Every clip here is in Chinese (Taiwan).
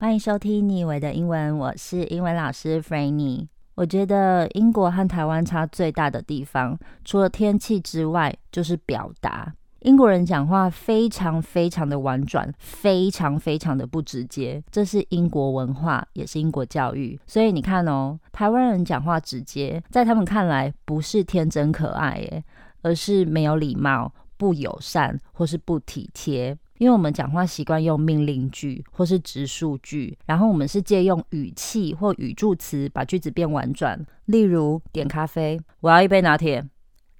歡迎收聽你以為的英文，我是英文老師 Frannie。我覺得英國和台灣差最大的地方，除了天氣之外，就是表達。英國人講話非常非常的婉轉，非常非常的不直接，這是英國文化，也是英國教育。所以你看哦，台灣人講話直接，在他們看來不是天真可愛耶，而是沒有禮貌、不友善或是不體貼。因為我們講話習慣用命令句或是直述句，然後我們是借用語氣或語助詞把句子變婉轉。例如，點咖啡，我要一杯拿鐵，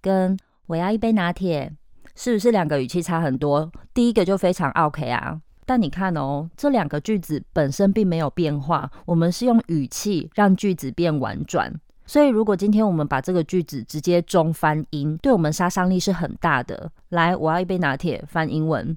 跟我要一杯拿鐵，是不是兩個語氣差很多？第一個就非常 OK 啊。但你看哦，這兩個句子本身並沒有變化，我們是用語氣讓句子變婉轉。所以，如果今天我們把這個句子直接中翻英，對我們殺傷力是很大的。來，我要一杯拿鐵，翻英文。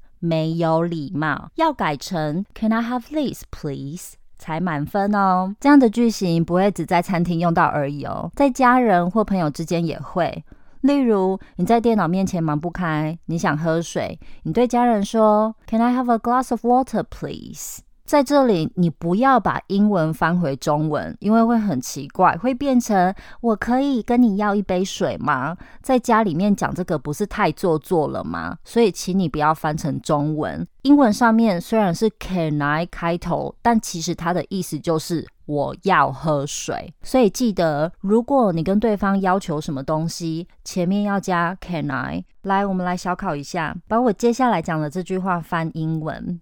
沒有禮貌，要改成 Can I have this, please? 才滿分哦。這樣的句型不會只在餐廳用到而已哦，在家人或朋友之間也會。例如，你在電腦面前忙不開，你想喝水，你對家人說 Can I have a glass of water, please？在這裡，你不要把英文翻回中文，因為會很奇怪，會變成“我可以跟你要一杯水嗎？”在家裡面講這個不是太做作了嗎？所以，請你不要翻成中文。英文上面雖然是 “Can I” 開頭，但其實它的意思就是“我要喝水”。所以記得，如果你跟對方要求什麼東西，前面要加 “Can I”。來，我們來小考一下，把我接下來講的這句話翻英文。